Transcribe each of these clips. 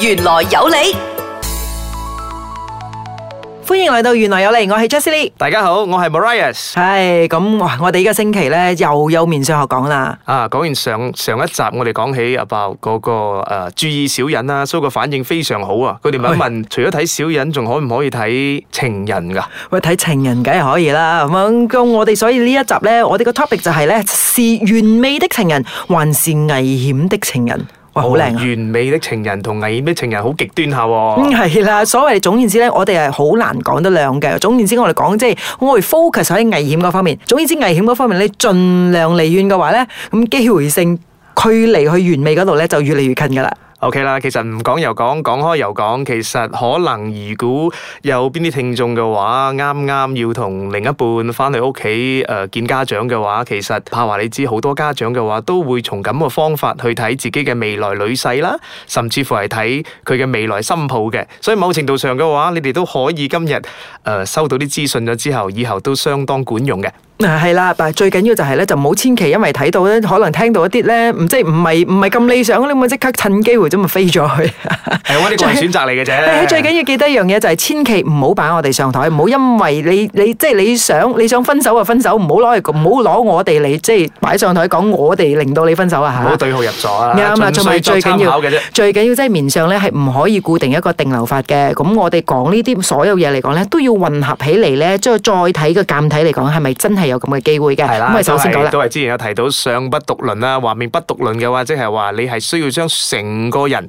原來有你。歡迎來到原來有你，我係 Jasly，大家好，我係 Marius。係咁，哇！我哋呢個星期咧又有面相學講啦。啊，講完上上一集，我哋講起阿包嗰個誒注意小人啦，所以個反應非常好啊。佢哋問一問，除咗睇小人，仲可唔可以睇情人噶？喂，睇情人梗係可以啦。咁我哋所以呢一集咧，我哋個 topic 就係咧，是完美的情人還是危險的情人？啊哦，完美的情人同危險的情人好極端下，啊，嗯係啦。所謂總言之咧，我哋係好難講得兩嘅。總言之，我哋講即係我哋 focus 喺危險嗰方面。總言之，危險嗰方面咧，你盡量離遠嘅話咧，咁機會性距離去完美嗰度咧，就越嚟越近噶啦。OK 啦，其實唔講又講，講開又講，其實可能如果有邊啲聽眾嘅話，啱啱要同另一半翻去屋企誒，見家長嘅話，其實怕話你知好多家長嘅話都會從咁嘅方法去睇自己嘅未來女婿啦，甚至乎係睇佢嘅未來新抱嘅，所以某程度上嘅話，你哋都可以今日誒、呃、收到啲資訊咗之後，以後都相當管用嘅。啊，係啦，但係最緊要就係咧，就唔好千祈，因為睇到咧，可能聽到一啲咧，唔即係唔係唔係咁理想，你咪即刻趁機會啫嘛，飛咗去，係嘛，呢個選擇嚟嘅啫。最緊要記得一樣嘢就係，千祈唔好擺我哋上台，唔好因為你你即係你想你想分手啊分手，唔好攞嚟，唔好攞我哋嚟即係擺上台講我哋令到你分手啊吓。好對號入座啊！啱啊，同埋最緊要，最緊要即係面上咧係唔可以固定一個定留法嘅。咁我哋講呢啲所有嘢嚟講咧，都要混合起嚟咧，即係再睇個鑒體嚟講係咪真係。有咁嘅機會嘅，咁我的首先講啦。都係之前有提到相不獨論啦，畫面不獨論嘅話，即係話你係需要將成個人。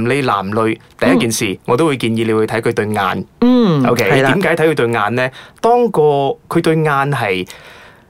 唔理男女第一件事，我都會建議你去睇佢對眼。嗯，OK，係點解睇佢對眼呢？當個佢對眼係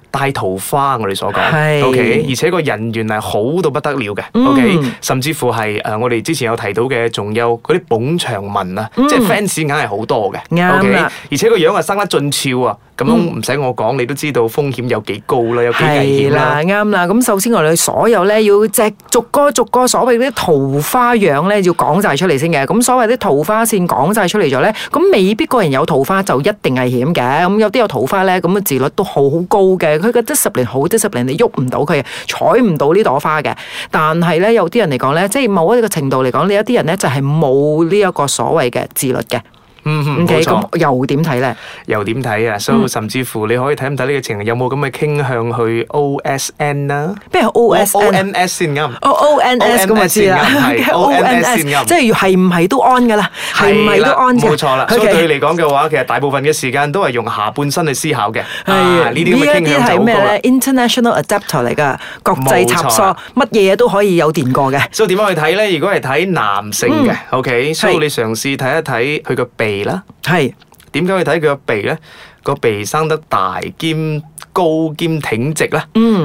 大桃花，我哋所講。是 OK，而且個人緣係好到不得了嘅。嗯、OK，甚至乎係誒、呃，我哋之前有提到嘅，仲有嗰啲捧場文啊，嗯、即係 fans 眼係好多嘅。OK，而且個樣啊生得俊俏啊。咁唔使我講，你都知道風險有幾高啦，有幾危險啦。啱啦，咁首先我哋所有咧要隻逐個逐個所謂啲桃花樣咧要講晒出嚟先嘅。咁所謂啲桃花線講晒出嚟咗咧，咁未必個人有桃花就一定危險嘅。咁有啲有桃花咧，咁嘅自律都好高嘅。佢覺得十年好，得十年你喐唔到佢，採唔到呢朵花嘅。但係咧，有啲人嚟講咧，即係某一個程度嚟講，呢一啲人咧就係冇呢一個所謂嘅自律嘅。嗯，冇錯。又點睇咧？又點睇啊？所以甚至乎你可以睇唔睇呢個情形，有冇咁嘅傾向去 OSN 啦？不如 OSNS 先啱。哦，ONS 咁啊，知啦，ONS 先啱。即係係唔係都安噶啦？係唔係都安？冇錯啦。對你嚟講嘅話，其實大部分嘅時間都係用下半身去思考嘅。啊，呢啲咩傾向就好多啦。呢一啲係咩咧？International adapter 嚟噶，國際插蘇，乜嘢都可以有電過嘅。所以點樣去睇咧？如果係睇男性嘅，OK，所以你嘗試睇一睇佢個鼻。是鼻啦，係，點解要睇佢個鼻咧？個鼻生得大兼。高肩挺直咧，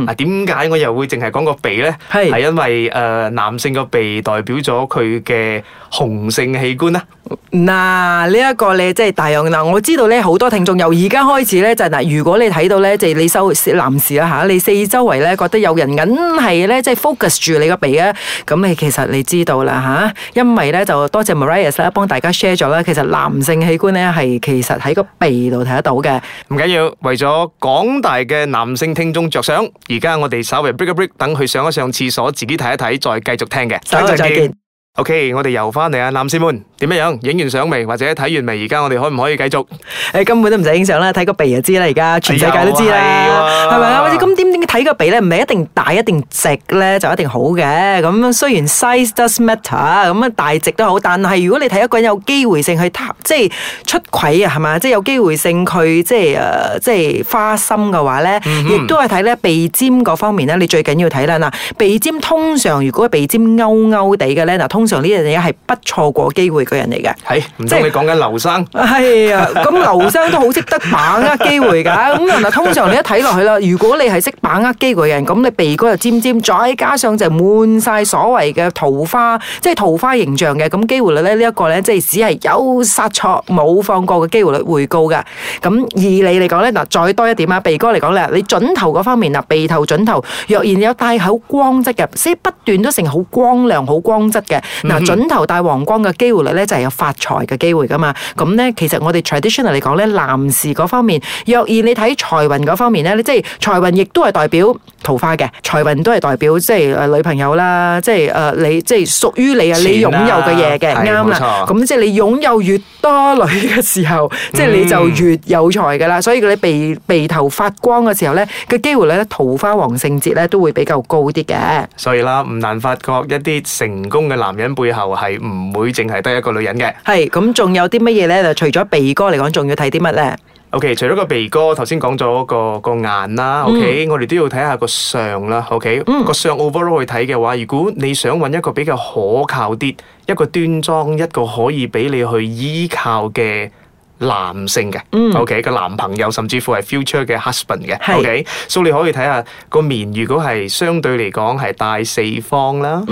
啊點解我又會淨係講個鼻咧？係，係因為誒男性個鼻代表咗佢嘅雄性器官啦。嗱，呢一個你即係大有嗱，我知道咧好多聽眾由而家開始咧就嗱，如果你睇到咧即係你收男士啦嚇，你四周圍咧覺得有人緊係咧即係 focus 住你個鼻啊，咁你其實你知道啦嚇，因為咧就多謝 Maria 咧幫大家 share 咗啦，其實男性器官咧係其實喺個鼻度睇得到嘅。唔緊要，為咗講。大嘅男性聽眾着想，而家我哋稍微 break a break，等佢上一上廁所，自己睇一睇，再繼續聽嘅，再見。再見。O K，我哋游翻嚟啊，男師們點樣樣？影完相未？或者睇完未？而家我哋可唔可以繼續？誒，根本都唔使影相啦，睇個鼻就知啦。而家全世界都知啦，係咪啊？或者咁點點睇個鼻咧？唔係一定大一定直咧就一定好嘅。咁雖然 size does matter，咁啊大直都好。但係如果你睇一個人有機會性去即係出軌啊，係嘛？即係有機會性佢即係誒即係花心嘅話咧，亦都係睇咧鼻尖嗰方面咧。你最緊要睇啦嗱，鼻尖通常如果鼻尖勾勾地嘅咧嗱通。通常呢樣嘢係不錯過機會嘅人嚟嘅，係唔錯。你講緊劉生，係啊，咁劉生都好識得把握機會噶。咁同埋通常你一睇落去啦，如果你係識把握機會嘅人，咁你鼻哥就尖尖，再加上就滿晒所謂嘅桃花，即係桃花形象嘅，咁機會率咧呢一個咧，即係只係有殺錯冇放過嘅機會率會高噶。咁二你嚟講咧嗱，再多一點啊，鼻哥嚟講咧，你準頭嗰方面嗱，鼻頭準頭若然有帶口光質嘅，所以不斷都成好光亮、好光質嘅。嗱，嗯、準頭帶黃光嘅機會率咧就係有發財嘅機會噶嘛。咁咧，其實我哋 traditional 嚟講咧，男士嗰方面，若然你睇財運嗰方面咧，即係財運亦都係代表桃花嘅，財運都係代表即係誒、呃、女朋友啦，即係誒、呃、你即係屬於你啊你擁有嘅嘢嘅，啱啦。咁即係你擁有越多女嘅時候，嗯、即係你就越有財噶啦。所以嗰啲鼻鼻頭發光嘅時候咧，嘅機會率咧桃花旺盛節咧都會比較高啲嘅。所以啦，唔難發覺一啲成功嘅男人。背後係唔會淨係得一個女人嘅，係咁仲有啲乜嘢咧？就除咗鼻哥嚟講，仲要睇啲乜咧？OK，除咗個鼻哥，頭先講咗個個眼啦。OK，我哋都要睇下個相啦。OK，個相 overall 去睇嘅話，如果你想搵一個比較可靠啲、一個端莊、一個可以俾你去依靠嘅。男性嘅，OK，個男朋友甚至乎係 future 嘅 husband 嘅，OK。所以你可以睇下個面，如果係相對嚟講係大四方啦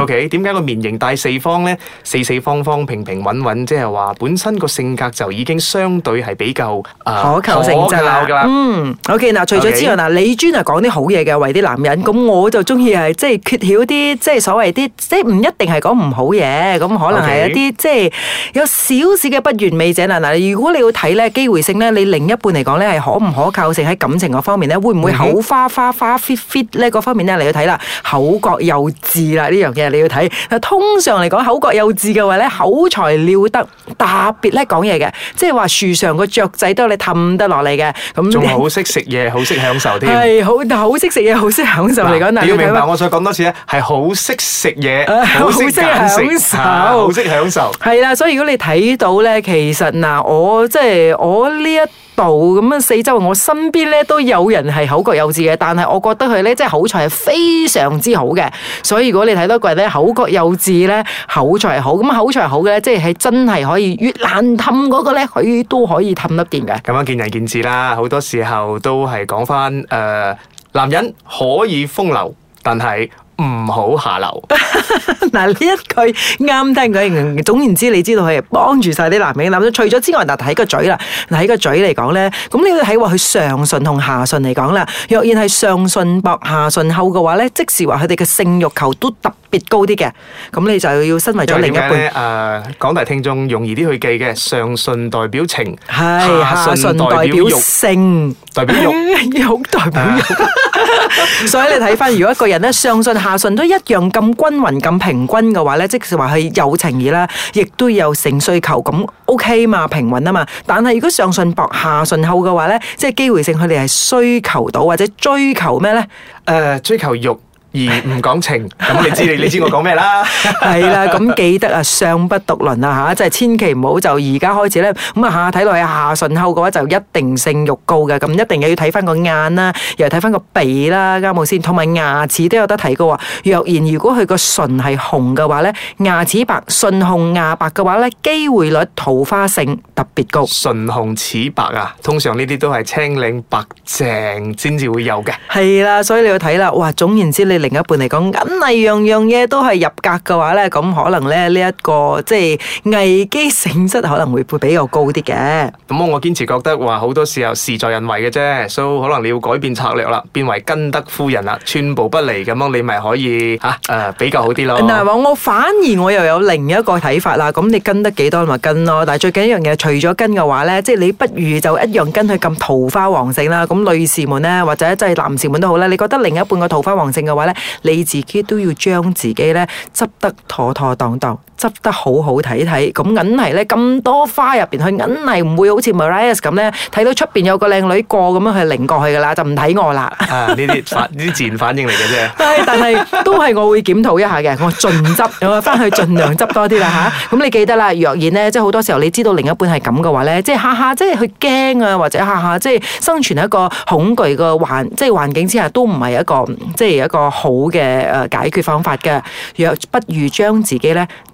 ，OK。點解個面型大四方咧？四四方方平平穩穩，即係話本身個性格就已經相對係比較可求性質啦。嗯，OK。嗱，除咗之外，嗱，李尊係講啲好嘢嘅，為啲男人，咁我就中意係即係缺少啲即係所謂啲即係唔一定係講唔好嘢，咁可能係一啲即係有少少嘅不完美者嗱嗱。如果你要睇咧機會性咧，你另一半嚟講咧係可唔可靠性喺感情嗰方面咧，會唔會口花花花 fit fit 咧嗰方面咧你要睇啦。口角幼稚啦呢樣嘢你要睇。通常嚟講，口角幼稚嘅話咧，口才了得，特別叻講嘢嘅，即係話樹上個雀仔都你氹得落嚟嘅。咁仲好識食嘢，好識享受添。係好，但係好識食嘢，好識享受嚟講。要明白，我再講多次咧，係好識食嘢，好識享受，好識享受。係啦，所以如果你睇到咧，其實嗱我。我即係我呢一度咁啊，四周我身邊咧都有人係口角幼稚嘅，但係我覺得佢咧即係口才係非常之好嘅，所以如果你睇到個人咧口角幼稚咧口才好，咁口才好咧即係真係可以越難氹嗰個咧佢都可以氹得掂嘅。咁樣見仁見智啦，好多時候都係講翻誒，男人可以風流，但係。唔好下流。嗱，呢一句啱聽，佢總言之，你知道佢係幫住曬啲男人諗。除咗之外，嗱，睇個嘴啦，喺個嘴嚟講咧，咁你要睇話佢上唇同下唇嚟講啦。若然係上唇薄下唇厚嘅話咧，即係話佢哋嘅性慾求都特別高啲嘅。咁你就要身為咗另一半。誒，廣大聽眾容易啲去記嘅，上唇代表情，下唇代表性，代表肉，肉代表肉。 所以你睇返，如果一個人咧上唇下唇都一樣咁均匀咁平均嘅話咧，即係話係有情意啦，亦都有性需求咁 OK 嘛，平穩啊嘛。但係如果上唇薄下唇厚嘅話咧，即係機會性，佢哋係需求到或者追求咩咧？誒、呃，追求慾。而唔講情，咁你知你你知我講咩啦？係啦，咁記得啊，相不獨論啊嚇，即係千祈唔好就而家開始咧。咁啊，下睇落去下唇厚嘅話，就一定性欲高嘅，咁一定又要睇返個眼啦，又睇返個鼻啦，啱冇先，同埋牙齒都有得睇嘅喎。若然如果佢個唇係紅嘅話咧，牙齒白、唇紅牙白嘅話咧，機會率桃花性特別高。唇紅齒白啊，通常呢啲都係青靚白淨先至會有嘅。係啦，所以你要睇啦。哇，總言之你。另一半嚟講，咁係樣樣嘢都係入格嘅話咧，咁可能咧呢一個即係危機性質可能會會比較高啲嘅。咁我堅持覺得話好多時候事在人為嘅啫，所以可能你要改變策略啦，變為跟得夫人啦，寸步不離咁樣，你咪可以嚇誒比較好啲咯。但係，我反而我又有另一個睇法啦。咁你跟得幾多咪跟咯，但係最緊要一樣嘢，除咗跟嘅話咧，即係你不如就一樣跟去撳桃花旺盛啦。咁女士們咧，或者即係男士們都好啦，你覺得另一半嘅桃花旺盛嘅話咧，你自己都要將自己咧執得妥妥當當。執得好好睇睇，咁梗係咧咁多花入邊，佢梗係唔會好似 Mariah 咁咧，睇到出邊有個靚女過咁樣去擰過去㗎啦，就唔睇我啦。啊，呢啲反呢啲自然反應嚟嘅啫。係，但係都係我會檢討一下嘅，我盡執我翻去，儘量執多啲啦嚇。咁你記得啦，若然咧，即係好多時候你知道另一半係咁嘅話咧，即係嚇嚇，即係佢驚啊，或者嚇嚇，即係生存喺一個恐懼個環即係環境之下都唔係一個即係一個好嘅誒解決方法嘅。若不如將自己咧。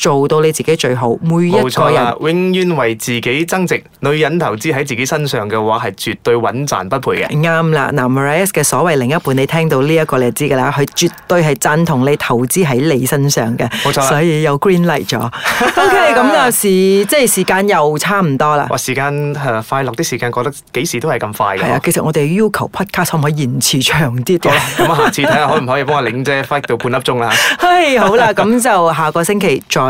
做到你自己最好，每一日永遠為自己增值。女人投資喺自己身上嘅話，係絕對穩賺不賠嘅。啱啦，嗱，Marie’s 嘅所謂另一半，你聽到呢一個你就知㗎啦，佢絕對係贊同你投資喺你身上嘅。冇錯，所以又 green light 咗。OK，咁就時即係時間又差唔多啦。話時間誒快樂啲時間，過得幾時都係咁快㗎。係啊，其實我哋要求 Podcast 可唔可以延遲長啲？好啦，咁啊下次睇下可唔可以幫阿玲姐 fight 到半粒鐘啦。係好啦，咁就下個星期再。